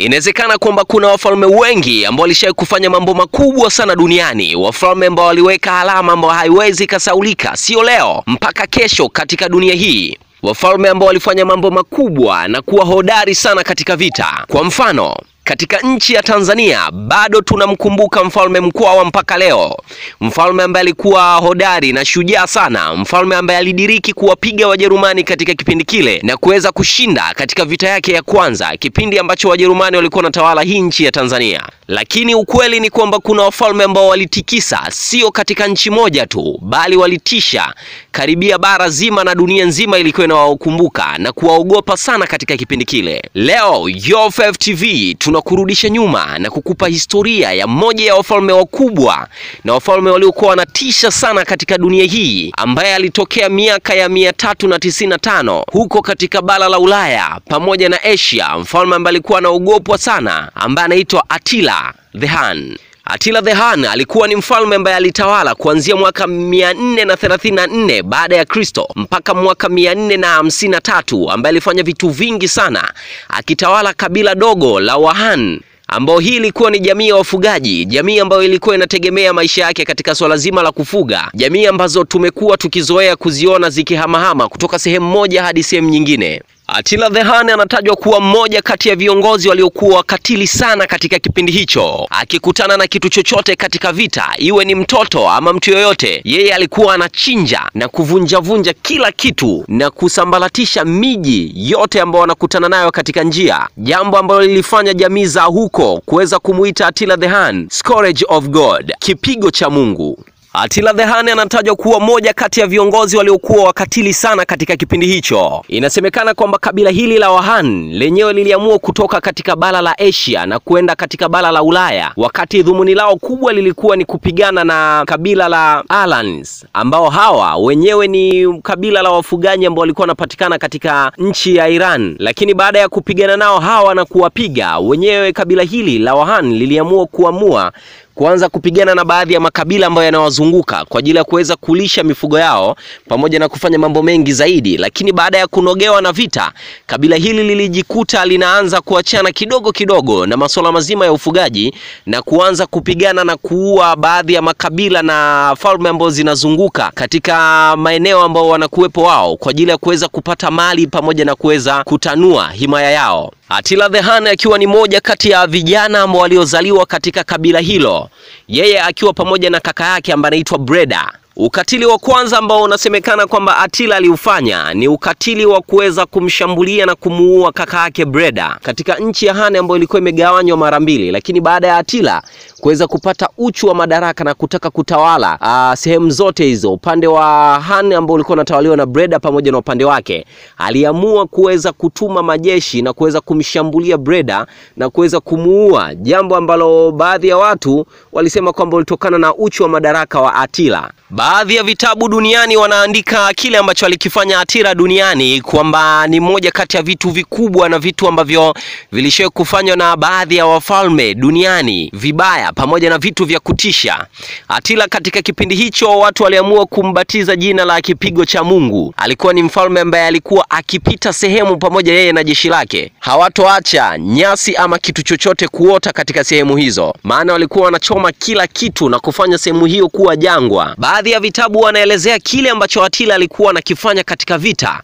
Inawezekana kwamba kuna wafalme wengi ambao walishawahi kufanya mambo makubwa sana duniani, wafalme ambao waliweka alama ambayo haiwezi ikasaulika, sio leo mpaka kesho katika dunia hii wafalme ambao walifanya mambo makubwa na kuwa hodari sana katika vita. Kwa mfano katika nchi ya Tanzania bado tunamkumbuka mfalme Mkwawa mpaka leo, mfalme ambaye alikuwa hodari na shujaa sana, mfalme ambaye alidiriki kuwapiga Wajerumani katika kipindi kile na kuweza kushinda katika vita yake ya kwanza, kipindi ambacho Wajerumani walikuwa wanatawala hii nchi ya Tanzania. Lakini ukweli ni kwamba kuna wafalme ambao walitikisa, sio katika nchi moja tu, bali walitisha karibia bara zima na dunia nzima ilikuwa inawakumbuka na kuwaogopa sana katika kipindi kile. Leo Yofev TV tunakurudisha nyuma na kukupa historia ya mmoja ya wafalme wakubwa na wafalme waliokuwa wanatisha sana katika dunia hii ambaye alitokea miaka ya 395 huko katika bara la Ulaya pamoja na Asia, mfalme ambaye alikuwa anaogopwa sana ambaye anaitwa Attila the Hun. Attila the Hun alikuwa ni mfalme ambaye alitawala kuanzia mwaka 434 baada ya Kristo mpaka mwaka 453 ambaye alifanya vitu vingi sana akitawala kabila dogo la Wahan ambao hii ilikuwa ni jamii ya wafugaji, jamii ambayo ilikuwa inategemea maisha yake katika swala zima la kufuga, jamii ambazo tumekuwa tukizoea kuziona zikihamahama kutoka sehemu moja hadi sehemu nyingine. Atila Hun anatajwa kuwa mmoja kati ya viongozi waliokuwa wakatili sana katika kipindi hicho. Akikutana na kitu chochote katika vita, iwe ni mtoto ama mtu yoyote, yeye alikuwa anachinja na kuvunjavunja kila kitu na kusambaratisha miji yote ambayo wanakutana nayo katika njia, jambo ambalo lilifanya jamii za huko kuweza kumuita Atila Hun, Scourge of God, kipigo cha Mungu. Atila the Hun anatajwa kuwa moja kati ya viongozi waliokuwa wakatili sana katika kipindi hicho. Inasemekana kwamba kabila hili la Wahan lenyewe liliamua kutoka katika bara la Asia na kwenda katika bara la Ulaya, wakati dhumuni lao kubwa lilikuwa ni kupigana na kabila la Alans, ambao hawa wenyewe ni kabila la wafugaji ambao walikuwa wanapatikana katika nchi ya Iran. Lakini baada ya kupigana nao hawa na kuwapiga wenyewe, kabila hili la Wahan liliamua kuamua kuanza kupigana na baadhi ya makabila ambayo yanawazunguka kwa ajili ya kuweza kulisha mifugo yao pamoja na kufanya mambo mengi zaidi. Lakini baada ya kunogewa na vita, kabila hili lilijikuta linaanza kuachana kidogo kidogo na masuala mazima ya ufugaji na kuanza kupigana na kuua baadhi ya makabila na falme ambazo zinazunguka katika maeneo ambao wanakuwepo wao kwa ajili ya kuweza kupata mali pamoja na kuweza kutanua himaya yao. Atila Hun akiwa ni moja kati ya vijana ambao waliozaliwa katika kabila hilo, yeye akiwa pamoja na kaka yake ambaye anaitwa Breda. Ukatili wa kwanza ambao unasemekana kwamba Atila aliufanya ni ukatili wa kuweza kumshambulia na kumuua kaka yake Breda katika nchi ya Hane ambayo ilikuwa imegawanywa mara mbili, lakini baada ya Atila kuweza kupata uchu wa madaraka na kutaka kutawala aa, ah, sehemu zote hizo, upande wa Han ambao ulikuwa unatawaliwa na Breda pamoja na upande wake, aliamua kuweza kutuma majeshi na kuweza kumshambulia Breda na kuweza kumuua, jambo ambalo baadhi ya watu walisema kwamba ulitokana na uchu wa madaraka wa Atila. Baadhi ya vitabu duniani wanaandika kile ambacho alikifanya Atira duniani kwamba ni moja kati ya vitu vikubwa na vitu ambavyo vilishawahi kufanywa na baadhi ya wafalme duniani vibaya, pamoja na vitu vya kutisha. Atira katika kipindi hicho watu waliamua kumbatiza jina la kipigo cha Mungu. Alikuwa ni mfalme ambaye alikuwa akipita sehemu pamoja yeye na jeshi lake, hawatoacha nyasi ama kitu chochote kuota katika sehemu hizo, maana walikuwa wanachoma kila kitu na kufanya sehemu hiyo kuwa jangwa. Baadhi baadhi ya vitabu wanaelezea kile ambacho Atila alikuwa anakifanya katika vita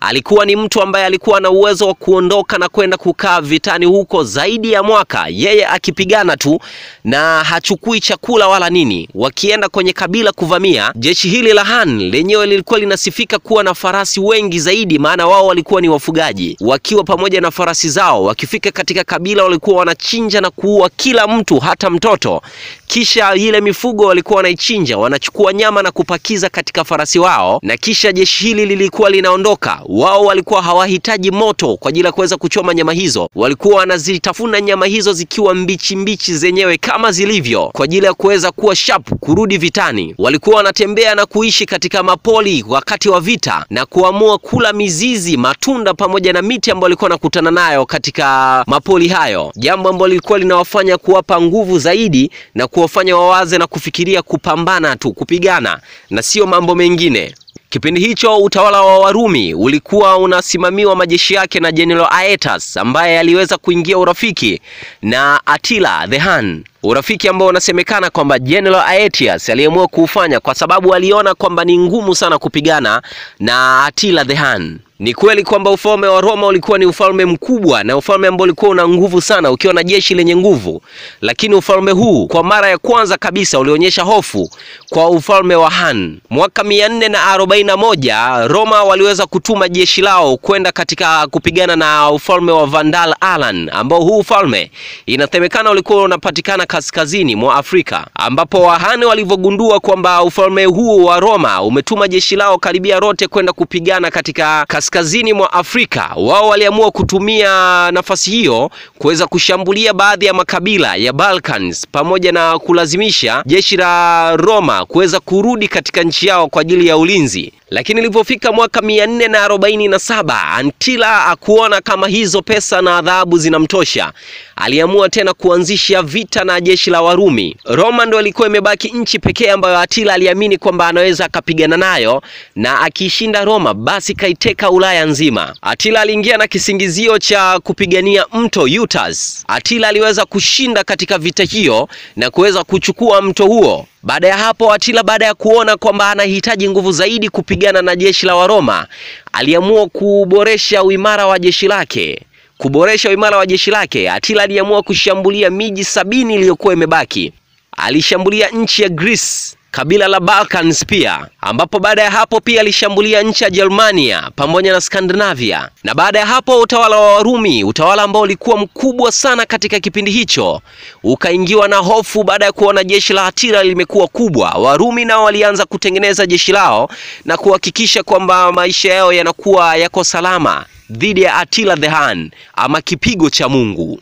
alikuwa ni mtu ambaye alikuwa na uwezo wa kuondoka na kwenda kukaa vitani huko zaidi ya mwaka, yeye akipigana tu na hachukui chakula wala nini. Wakienda kwenye kabila kuvamia, jeshi hili la Han lenyewe lilikuwa linasifika kuwa na farasi wengi zaidi, maana wao walikuwa ni wafugaji. Wakiwa pamoja na farasi zao, wakifika katika kabila walikuwa wanachinja na kuua kila mtu, hata mtoto. Kisha ile mifugo walikuwa wanaichinja, wanachukua nyama na kupakiza katika farasi wao, na kisha jeshi hili lilikuwa linaondoka wao walikuwa hawahitaji moto kwa ajili ya kuweza kuchoma nyama hizo, walikuwa wanazitafuna nyama hizo zikiwa mbichi mbichi zenyewe kama zilivyo kwa ajili ya kuweza kuwa sharp kurudi vitani. Walikuwa wanatembea na kuishi katika mapoli wakati wa vita na kuamua kula mizizi, matunda pamoja na miti ambayo walikuwa wanakutana nayo katika mapoli hayo, jambo ambalo lilikuwa linawafanya kuwapa nguvu zaidi na kuwafanya wawaze na kufikiria kupambana tu, kupigana na sio mambo mengine. Kipindi hicho utawala wa Warumi ulikuwa unasimamiwa majeshi yake na general Aetas ambaye aliweza kuingia urafiki na Attila the Hun. Urafiki ambao unasemekana kwamba General Aetius aliamua kuufanya kwa sababu aliona kwamba ni ngumu sana kupigana na Attila the Hun. Ni kweli kwamba ufalme wa Roma ulikuwa ni ufalme mkubwa na ufalme ambao ulikuwa una nguvu sana, ukiwa na jeshi lenye nguvu, lakini ufalme huu kwa mara ya kwanza kabisa ulionyesha hofu kwa ufalme wa Han. Mwaka 441 Roma waliweza kutuma jeshi lao kwenda katika kupigana na ufalme wa Vandal Alan, ambao huu ufalme inasemekana ulikuwa unapatikana kaskazini mwa Afrika, ambapo wahane walivyogundua kwamba ufalme huo wa Roma umetuma jeshi lao karibia lote kwenda kupigana katika kaskazini mwa Afrika, wao waliamua kutumia nafasi hiyo kuweza kushambulia baadhi ya makabila ya Balkans pamoja na kulazimisha jeshi la Roma kuweza kurudi katika nchi yao kwa ajili ya ulinzi. Lakini ilipofika mwaka mia na saba Antila akuona kama hizo pesa na adhabu zinamtosha, aliamua tena kuanzisha vita na jeshi la Warumi. Roma ndo ilikuwa imebaki nchi pekee ambayo atila aliamini kwamba anaweza akapigana nayo, na akiishinda Roma basi kaiteka Ulaya nzima. atila aliingia na kisingizio cha kupigania mto Utas. atila aliweza kushinda katika vita hiyo na kuweza kuchukua mto huo. Baada ya hapo, Atila baada ya kuona kwamba anahitaji nguvu zaidi kupigana na jeshi la Waroma, aliamua kuboresha uimara wa jeshi lake kuboresha uimara wa jeshi lake, Atila aliamua kushambulia miji sabini iliyokuwa imebaki. Alishambulia nchi ya Greece, kabila la Balkans pia, ambapo baada ya hapo pia alishambulia nchi ya Germania pamoja na scandinavia na baada ya hapo utawala wa Warumi, utawala ambao ulikuwa mkubwa sana katika kipindi hicho, ukaingiwa na hofu baada ya kuona jeshi la hatira limekuwa kubwa. Warumi nao walianza kutengeneza jeshi lao na kuhakikisha kwamba maisha yao yanakuwa yako salama dhidi ya Attila the Hun ama kipigo cha Mungu.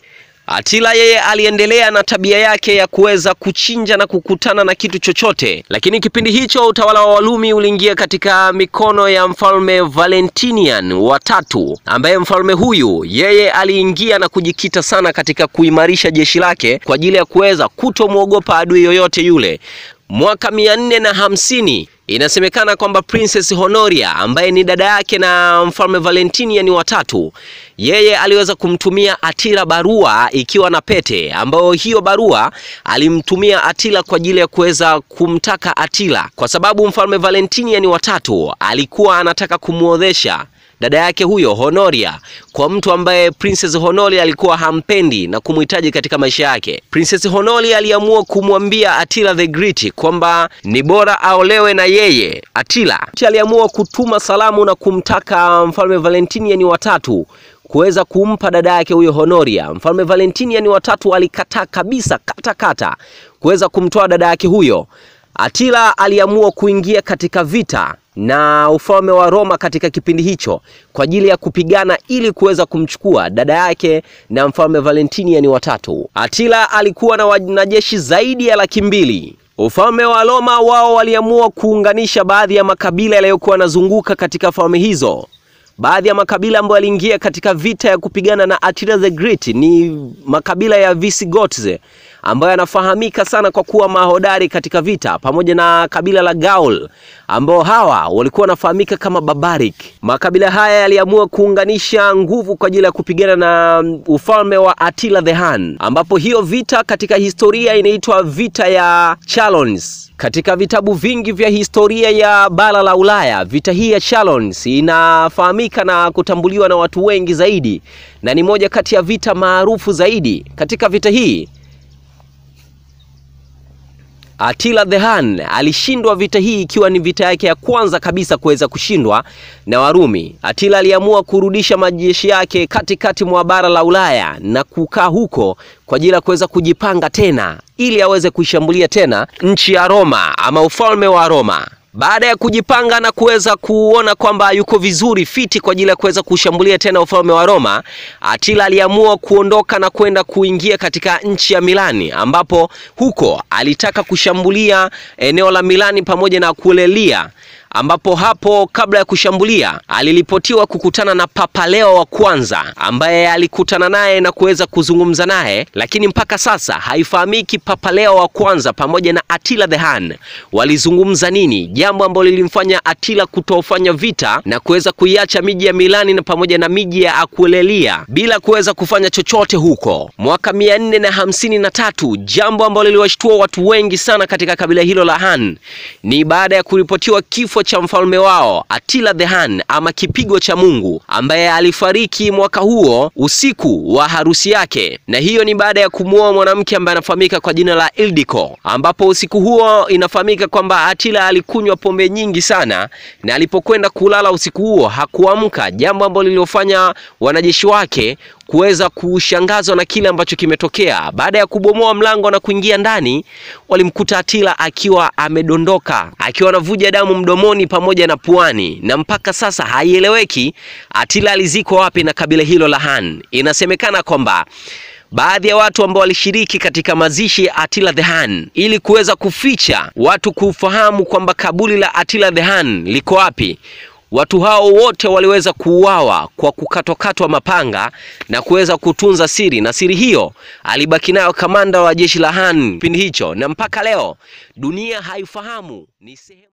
Atila yeye aliendelea na tabia yake ya kuweza kuchinja na kukutana na kitu chochote, lakini kipindi hicho utawala wa Walumi uliingia katika mikono ya mfalme Valentinian wa tatu, ambaye mfalme huyu yeye aliingia na kujikita sana katika kuimarisha jeshi lake kwa ajili ya kuweza kutomwogopa adui yoyote yule. Mwaka mia nne na hamsini Inasemekana kwamba Princess Honoria ambaye ni dada yake na Mfalme Valentinian ni watatu, yeye aliweza kumtumia Attila barua ikiwa na pete, ambayo hiyo barua alimtumia Attila kwa ajili ya kuweza kumtaka Attila, kwa sababu Mfalme Valentinian ni watatu alikuwa anataka kumuodhesha dada yake huyo Honoria kwa mtu ambaye Princess Honoria alikuwa hampendi na kumhitaji katika maisha yake. Princess Honoria aliamua kumwambia Attila the Great kwamba ni bora aolewe na yeye. Attila aliamua kutuma salamu na kumtaka Mfalme Valentinian wa watatu kuweza kumpa dada yake huyo Honoria. Mfalme Valentinian wa watatu alikataa kabisa katakata kuweza kumtoa dada yake huyo. Attila aliamua kuingia katika vita na ufalme wa Roma katika kipindi hicho kwa ajili ya kupigana ili kuweza kumchukua dada yake na mfalme Valentinian yaani watatu. Atila alikuwa na wanajeshi zaidi ya laki mbili. Ufalme wa Roma wao waliamua kuunganisha baadhi ya makabila yaliyokuwa yanazunguka katika falme hizo. Baadhi ya makabila ambayo yaliingia katika vita ya kupigana na Attila the Great ni makabila ya Visigoths ambaye anafahamika sana kwa kuwa mahodari katika vita, pamoja na kabila la Gaul ambao hawa walikuwa wanafahamika kama Barbarik. Makabila haya yaliamua kuunganisha nguvu kwa ajili ya kupigana na mm, ufalme wa Attila the Hun, ambapo hiyo vita katika historia inaitwa vita ya Chalons. Katika vitabu vingi vya historia ya bara la Ulaya, vita hii ya Chalons inafahamika na kutambuliwa na watu wengi zaidi na ni moja kati ya vita maarufu zaidi. Katika vita hii Attila the Hun alishindwa vita hii ikiwa ni vita yake ya kwanza kabisa kuweza kushindwa na Warumi. Attila aliamua kurudisha majeshi yake katikati mwa bara la Ulaya na kukaa huko kwa ajili ya kuweza kujipanga tena ili aweze kuishambulia tena nchi ya Roma ama ufalme wa Roma. Baada ya kujipanga na kuweza kuona kwamba yuko vizuri fiti kwa ajili ya kuweza kushambulia tena ufalme wa Roma, Atila aliamua kuondoka na kwenda kuingia katika nchi ya Milani, ambapo huko alitaka kushambulia eneo la Milani pamoja na kulelia ambapo hapo kabla ya kushambulia aliripotiwa kukutana na Papa Leo wa kwanza ambaye alikutana naye na kuweza kuzungumza naye, lakini mpaka sasa haifahamiki Papa Leo wa kwanza pamoja na Attila the Hun walizungumza nini, jambo ambalo lilimfanya Attila kutofanya vita na kuweza kuiacha miji ya Milani na pamoja na miji ya Aquileia bila kuweza kufanya chochote huko mwaka mia nne na hamsini na tatu, jambo ambalo liliwashtua watu wengi sana katika kabila hilo la Han ni baada ya kuripotiwa kifo cha mfalme wao Attila the Hun ama kipigo cha Mungu, ambaye alifariki mwaka huo usiku wa harusi yake, na hiyo ni baada ya kumuoa mwanamke ambaye anafahamika kwa jina la Ildiko, ambapo usiku huo inafahamika kwamba Attila alikunywa pombe nyingi sana, na alipokwenda kulala usiku huo hakuamka, jambo ambalo liliofanya wanajeshi wake kuweza kushangazwa na kile ambacho kimetokea. Baada ya kubomoa mlango na kuingia ndani, walimkuta Atila akiwa amedondoka akiwa anavuja damu mdomoni pamoja na puani, na mpaka sasa haieleweki Atila alizikwa wapi na kabila hilo la Han. Inasemekana kwamba baadhi ya watu ambao walishiriki katika mazishi ya Attila the Hun ili kuweza kuficha watu kufahamu kwamba kaburi la Attila the Hun liko wapi, Watu hao wote waliweza kuuawa kwa kukatwakatwa mapanga na kuweza kutunza siri, na siri hiyo alibaki nayo kamanda wa jeshi la Han kipindi hicho, na mpaka leo dunia haifahamu ni sehemu